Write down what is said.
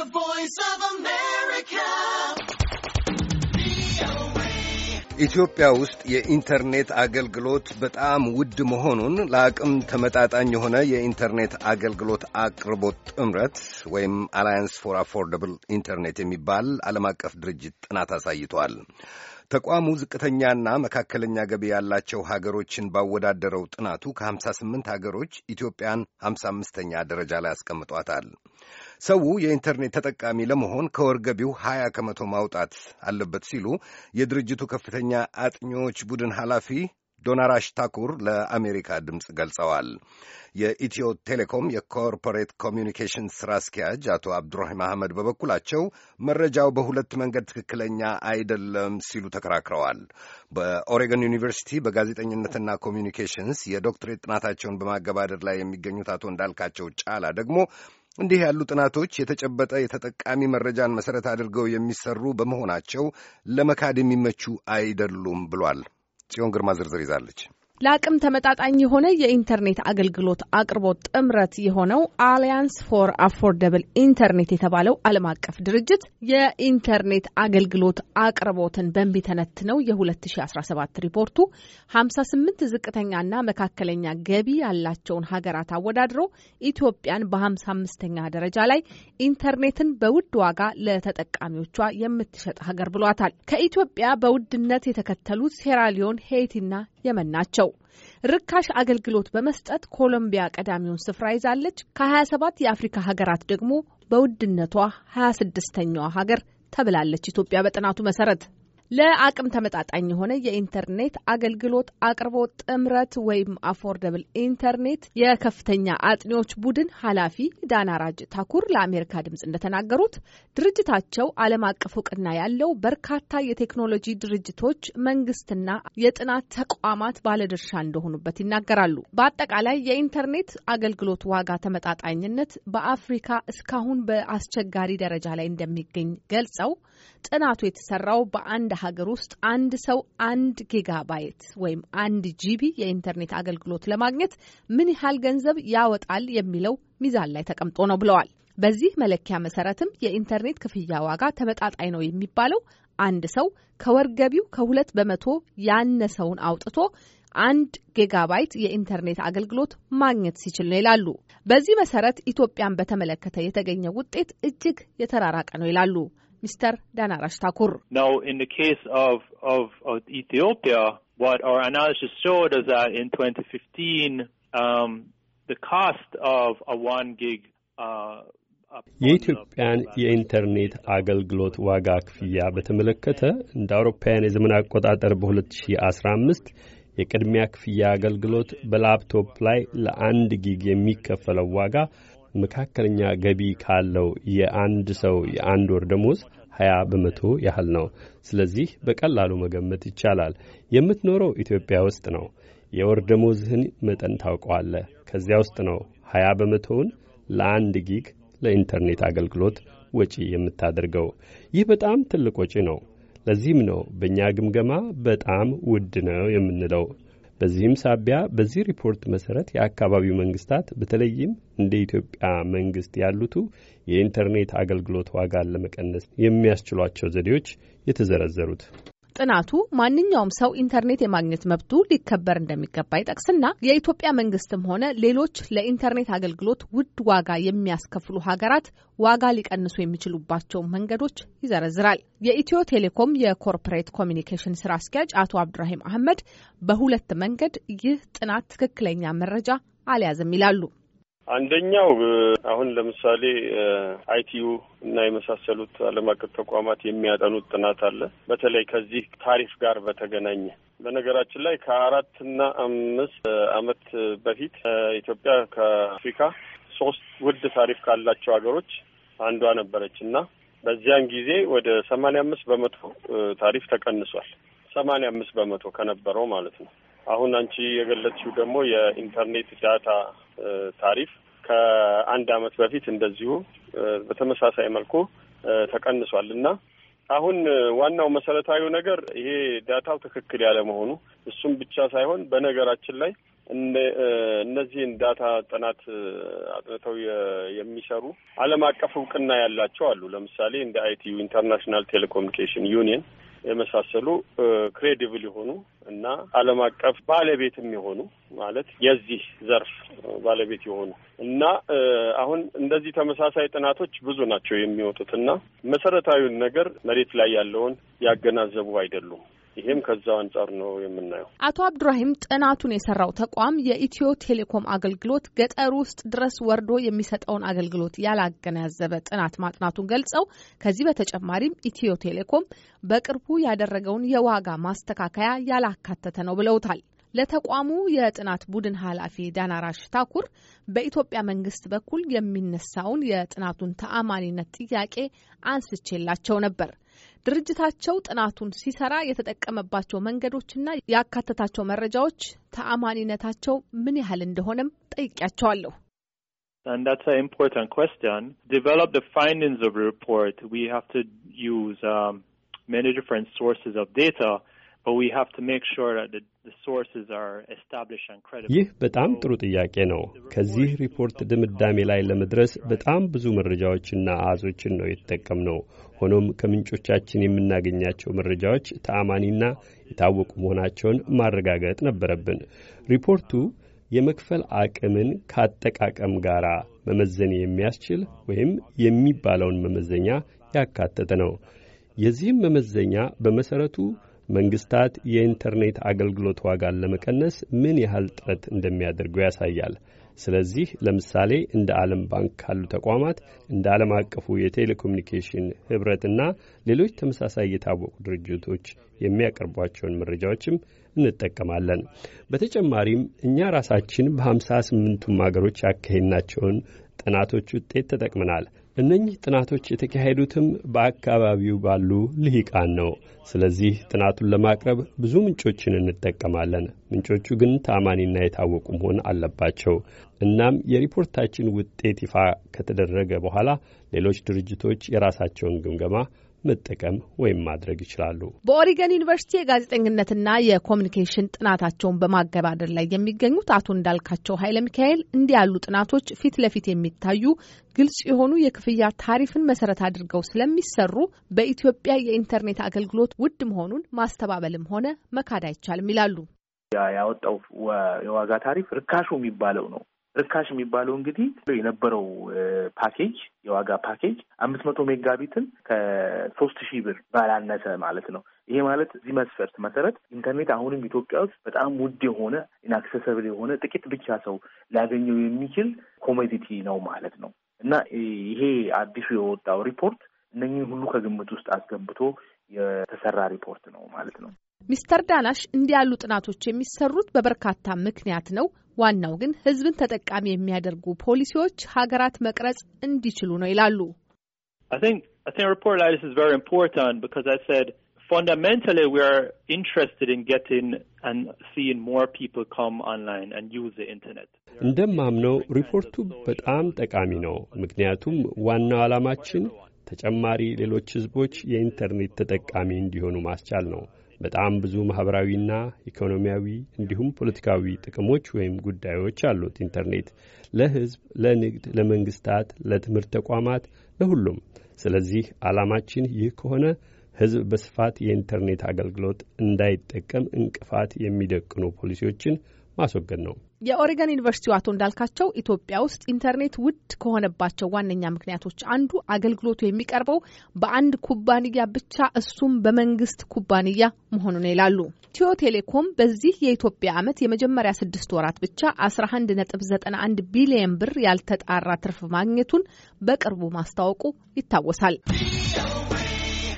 The Voice of America. ኢትዮጵያ ውስጥ የኢንተርኔት አገልግሎት በጣም ውድ መሆኑን ለአቅም ተመጣጣኝ የሆነ የኢንተርኔት አገልግሎት አቅርቦት ጥምረት ወይም አላያንስ ፎር አፎርደብል ኢንተርኔት የሚባል ዓለም አቀፍ ድርጅት ጥናት አሳይቷል። ተቋሙ ዝቅተኛና መካከለኛ ገቢ ያላቸው ሀገሮችን ባወዳደረው ጥናቱ ከ58 ሀገሮች ኢትዮጵያን 55ኛ ደረጃ ላይ አስቀምጧታል። ሰው የኢንተርኔት ተጠቃሚ ለመሆን ከወር ገቢው 20 ከመቶ ማውጣት አለበት ሲሉ የድርጅቱ ከፍተኛ አጥኚዎች ቡድን ኃላፊ ዶናራሽ ታኩር ለአሜሪካ ድምፅ ገልጸዋል። የኢትዮ ቴሌኮም የኮርፖሬት ኮሚዩኒኬሽን ሥራ አስኪያጅ አቶ አብዱራሂም አህመድ በበኩላቸው መረጃው በሁለት መንገድ ትክክለኛ አይደለም ሲሉ ተከራክረዋል። በኦሬገን ዩኒቨርሲቲ በጋዜጠኝነትና ኮሚኒኬሽንስ የዶክትሬት ጥናታቸውን በማገባደድ ላይ የሚገኙት አቶ እንዳልካቸው ጫላ ደግሞ እንዲህ ያሉ ጥናቶች የተጨበጠ የተጠቃሚ መረጃን መሠረት አድርገው የሚሰሩ በመሆናቸው ለመካድ የሚመቹ አይደሉም ብሏል። ጽዮን ግርማ ዝርዝር ይዛለች። ለአቅም ተመጣጣኝ የሆነ የኢንተርኔት አገልግሎት አቅርቦት ጥምረት የሆነው አሊያንስ ፎር አፎርደብል ኢንተርኔት የተባለው ዓለም አቀፍ ድርጅት የኢንተርኔት አገልግሎት አቅርቦትን በሚተነትነው የ2017 ሪፖርቱ 58 ዝቅተኛና መካከለኛ ገቢ ያላቸውን ሀገራት አወዳድሮ ኢትዮጵያን በ55ኛ ደረጃ ላይ ኢንተርኔትን በውድ ዋጋ ለተጠቃሚዎቿ የምትሸጥ ሀገር ብሏታል። ከኢትዮጵያ በውድነት የተከተሉት ሴራሊዮን፣ ሄይቲና የመን ናቸው። ርካሽ አገልግሎት በመስጠት ኮሎምቢያ ቀዳሚውን ስፍራ ይዛለች። ከ27 የአፍሪካ ሀገራት ደግሞ በውድነቷ 26ኛዋ ሀገር ተብላለች ኢትዮጵያ በጥናቱ መሰረት ለአቅም ተመጣጣኝ የሆነ የኢንተርኔት አገልግሎት አቅርቦት ጥምረት ወይም አፎርደብል ኢንተርኔት የከፍተኛ አጥኒዎች ቡድን ኃላፊ ዳናራጅ ታኩር ለአሜሪካ ድምጽ እንደተናገሩት ድርጅታቸው ዓለም አቀፍ እውቅና ያለው በርካታ የቴክኖሎጂ ድርጅቶች፣ መንግስትና የጥናት ተቋማት ባለድርሻ እንደሆኑበት ይናገራሉ። በአጠቃላይ የኢንተርኔት አገልግሎት ዋጋ ተመጣጣኝነት በአፍሪካ እስካሁን በአስቸጋሪ ደረጃ ላይ እንደሚገኝ ገልጸው ጥናቱ የተሰራው በአንድ ሀገር ውስጥ አንድ ሰው አንድ ጊጋባይት ወይም አንድ ጂቢ የኢንተርኔት አገልግሎት ለማግኘት ምን ያህል ገንዘብ ያወጣል የሚለው ሚዛን ላይ ተቀምጦ ነው ብለዋል። በዚህ መለኪያ መሰረትም የኢንተርኔት ክፍያ ዋጋ ተመጣጣኝ ነው የሚባለው አንድ ሰው ከወር ገቢው ከሁለት በመቶ ያነሰውን አውጥቶ አንድ ጊጋባይት የኢንተርኔት አገልግሎት ማግኘት ሲችል ነው ይላሉ። በዚህ መሰረት ኢትዮጵያን በተመለከተ የተገኘ ውጤት እጅግ የተራራቀ ነው ይላሉ። ሚስተር ዳናራሽ ታኩር የኢትዮጵያን የኢንተርኔት አገልግሎት ዋጋ ክፍያ በተመለከተ እንደ አውሮፓውያን የዘመን አቆጣጠር በ2015 የቅድሚያ ክፍያ አገልግሎት በላፕቶፕ ላይ ለአንድ ጊግ የሚከፈለው ዋጋ መካከለኛ ገቢ ካለው የአንድ ሰው የአንድ ወር ደሞዝ 20 በመቶ ያህል ነው። ስለዚህ በቀላሉ መገመት ይቻላል። የምትኖረው ኢትዮጵያ ውስጥ ነው። የወር ደሞዝህን መጠን ታውቀዋለህ። ከዚያ ውስጥ ነው 20 በመቶውን ለአንድ ጊግ ለኢንተርኔት አገልግሎት ወጪ የምታደርገው። ይህ በጣም ትልቅ ወጪ ነው። ለዚህም ነው በእኛ ግምገማ በጣም ውድ ነው የምንለው። በዚህም ሳቢያ በዚህ ሪፖርት መሰረት የአካባቢው መንግስታት በተለይም እንደ ኢትዮጵያ መንግስት ያሉቱ የኢንተርኔት አገልግሎት ዋጋን ለመቀነስ የሚያስችሏቸው ዘዴዎች የተዘረዘሩት ጥናቱ ማንኛውም ሰው ኢንተርኔት የማግኘት መብቱ ሊከበር እንደሚገባ ይጠቅስና የኢትዮጵያ መንግስትም ሆነ ሌሎች ለኢንተርኔት አገልግሎት ውድ ዋጋ የሚያስከፍሉ ሀገራት ዋጋ ሊቀንሱ የሚችሉባቸውን መንገዶች ይዘረዝራል። የኢትዮ ቴሌኮም የኮርፖሬት ኮሚኒኬሽን ስራ አስኪያጅ አቶ አብዱራሂም አህመድ በሁለት መንገድ ይህ ጥናት ትክክለኛ መረጃ አልያዝም ይላሉ። አንደኛው አሁን ለምሳሌ አይቲዩ እና የመሳሰሉት ዓለም አቀፍ ተቋማት የሚያጠኑት ጥናት አለ። በተለይ ከዚህ ታሪፍ ጋር በተገናኘ በነገራችን ላይ ከአራት እና አምስት ዓመት በፊት ኢትዮጵያ ከአፍሪካ ሶስት ውድ ታሪፍ ካላቸው ሀገሮች አንዷ ነበረች እና በዚያን ጊዜ ወደ ሰማንያ አምስት በመቶ ታሪፍ ተቀንሷል። ሰማንያ አምስት በመቶ ከነበረው ማለት ነው። አሁን አንቺ የገለጽሽው ደግሞ የኢንተርኔት ዳታ ታሪፍ ከአንድ አመት በፊት እንደዚሁ በተመሳሳይ መልኩ ተቀንሷል እና አሁን ዋናው መሰረታዊ ነገር ይሄ ዳታው ትክክል ያለ መሆኑ እሱም ብቻ ሳይሆን በነገራችን ላይ እነዚህን ዳታ ጥናት አጥንተው የሚሰሩ ዓለም አቀፍ እውቅና ያላቸው አሉ። ለምሳሌ እንደ አይቲዩ ኢንተርናሽናል ቴሌኮሙኒኬሽን ዩኒየን የመሳሰሉ ክሬዲብል የሆኑ እና ዓለም አቀፍ ባለቤት የሆኑ ማለት የዚህ ዘርፍ ባለቤት የሆኑ እና አሁን እንደዚህ ተመሳሳይ ጥናቶች ብዙ ናቸው የሚወጡት እና መሰረታዊውን ነገር መሬት ላይ ያለውን ያገናዘቡ አይደሉም። ይሄም ከዛው አንጻር ነው የምናየው። አቶ አብዱራሂም ጥናቱን የሰራው ተቋም የኢትዮ ቴሌኮም አገልግሎት ገጠር ውስጥ ድረስ ወርዶ የሚሰጠውን አገልግሎት ያላገናዘበ ጥናት ማጥናቱን ገልጸው ከዚህ በተጨማሪም ኢትዮ ቴሌኮም በቅርቡ ያደረገውን የዋጋ ማስተካከያ ያላካተተ ነው ብለውታል። ለተቋሙ የጥናት ቡድን ኃላፊ ዳናራሽ ታኩር በኢትዮጵያ መንግስት በኩል የሚነሳውን የጥናቱን ተአማኒነት ጥያቄ አንስቼላቸው ነበር። ድርጅታቸው ጥናቱን ሲሰራ የተጠቀመባቸው መንገዶችና ያካተታቸው መረጃዎች ተአማኒነታቸው ምን ያህል እንደሆነም ጠይቄያቸዋለሁ። And that's an important question. Develop the findings of the report. We have to use um, many different sources of data ይህ በጣም ጥሩ ጥያቄ ነው። ከዚህ ሪፖርት ድምዳሜ ላይ ለመድረስ በጣም ብዙ መረጃዎችና አሃዞችን ነው የተጠቀምነው። ሆኖም ከምንጮቻችን የምናገኛቸው መረጃዎች ተአማኒና የታወቁ መሆናቸውን ማረጋገጥ ነበረብን። ሪፖርቱ የመክፈል አቅምን ከአጠቃቀም ጋር መመዘን የሚያስችል ወይም የሚባለውን መመዘኛ ያካተተ ነው። የዚህም መመዘኛ በመሠረቱ መንግስታት የኢንተርኔት አገልግሎት ዋጋን ለመቀነስ ምን ያህል ጥረት እንደሚያደርጉ ያሳያል። ስለዚህ ለምሳሌ እንደ ዓለም ባንክ ካሉ ተቋማት እንደ ዓለም አቀፉ የቴሌኮሚኒኬሽን ኅብረትና ሌሎች ተመሳሳይ የታወቁ ድርጅቶች የሚያቀርቧቸውን መረጃዎችም እንጠቀማለን። በተጨማሪም እኛ ራሳችን በሀምሳ ስምንቱም አገሮች ያካሄድናቸውን ጥናቶች ውጤት ተጠቅመናል። እነኚህ ጥናቶች የተካሄዱትም በአካባቢው ባሉ ልሂቃን ነው። ስለዚህ ጥናቱን ለማቅረብ ብዙ ምንጮችን እንጠቀማለን። ምንጮቹ ግን ታማኒና የታወቁ መሆን አለባቸው። እናም የሪፖርታችን ውጤት ይፋ ከተደረገ በኋላ ሌሎች ድርጅቶች የራሳቸውን ግምገማ መጠቀም ወይም ማድረግ ይችላሉ። በኦሪገን ዩኒቨርሲቲ የጋዜጠኝነትና የኮሚኒኬሽን ጥናታቸውን በማገባደር ላይ የሚገኙት አቶ እንዳልካቸው ኃይለ ሚካኤል እንዲህ ያሉ ጥናቶች ፊት ለፊት የሚታዩ ግልጽ የሆኑ የክፍያ ታሪፍን መሰረት አድርገው ስለሚሰሩ በኢትዮጵያ የኢንተርኔት አገልግሎት ውድ መሆኑን ማስተባበልም ሆነ መካድ አይቻልም ይላሉ። ያወጣው የዋጋ ታሪፍ ርካሹ የሚባለው ነው። ርካሽ የሚባለው እንግዲህ የነበረው ፓኬጅ የዋጋ ፓኬጅ አምስት መቶ ሜጋቢትን ከሶስት ሺህ ብር ባላነሰ ማለት ነው። ይሄ ማለት እዚህ መስፈርት መሰረት ኢንተርኔት አሁንም ኢትዮጵያ ውስጥ በጣም ውድ የሆነ ኢንአክሰሰብል የሆነ ጥቂት ብቻ ሰው ሊያገኘው የሚችል ኮሞዲቲ ነው ማለት ነው እና ይሄ አዲሱ የወጣው ሪፖርት እነኝህን ሁሉ ከግምት ውስጥ አስገብቶ የተሰራ ሪፖርት ነው ማለት ነው። ሚስተር ዳናሽ እንዲህ ያሉ ጥናቶች የሚሰሩት በበርካታ ምክንያት ነው። ዋናው ግን ህዝብን ተጠቃሚ የሚያደርጉ ፖሊሲዎች ሀገራት መቅረጽ እንዲችሉ ነው ይላሉ። fundamentally we are interested in getting and seeing more people come online and use the internet. እንደማምነው ሪፖርቱ በጣም ጠቃሚ ነው። ምክንያቱም ዋናው ዓላማችን ተጨማሪ ሌሎች ህዝቦች የኢንተርኔት ተጠቃሚ እንዲሆኑ ማስቻል ነው። በጣም ብዙ ማህበራዊና ኢኮኖሚያዊ እንዲሁም ፖለቲካዊ ጥቅሞች ወይም ጉዳዮች አሉት። ኢንተርኔት ለህዝብ፣ ለንግድ፣ ለመንግስታት፣ ለትምህርት ተቋማት፣ ለሁሉም። ስለዚህ ዓላማችን ይህ ከሆነ ህዝብ በስፋት የኢንተርኔት አገልግሎት እንዳይጠቀም እንቅፋት የሚደቅኑ ፖሊሲዎችን ማስወገድ ነው። የኦሬገን ዩኒቨርሲቲው አቶ እንዳልካቸው ኢትዮጵያ ውስጥ ኢንተርኔት ውድ ከሆነባቸው ዋነኛ ምክንያቶች አንዱ አገልግሎቱ የሚቀርበው በአንድ ኩባንያ ብቻ እሱም በመንግስት ኩባንያ መሆኑን ይላሉ። ኢትዮ ቴሌኮም በዚህ የኢትዮጵያ ዓመት የመጀመሪያ ስድስት ወራት ብቻ አስራ አንድ ነጥብ ዘጠና አንድ ቢሊየን ብር ያልተጣራ ትርፍ ማግኘቱን በቅርቡ ማስታወቁ ይታወሳል።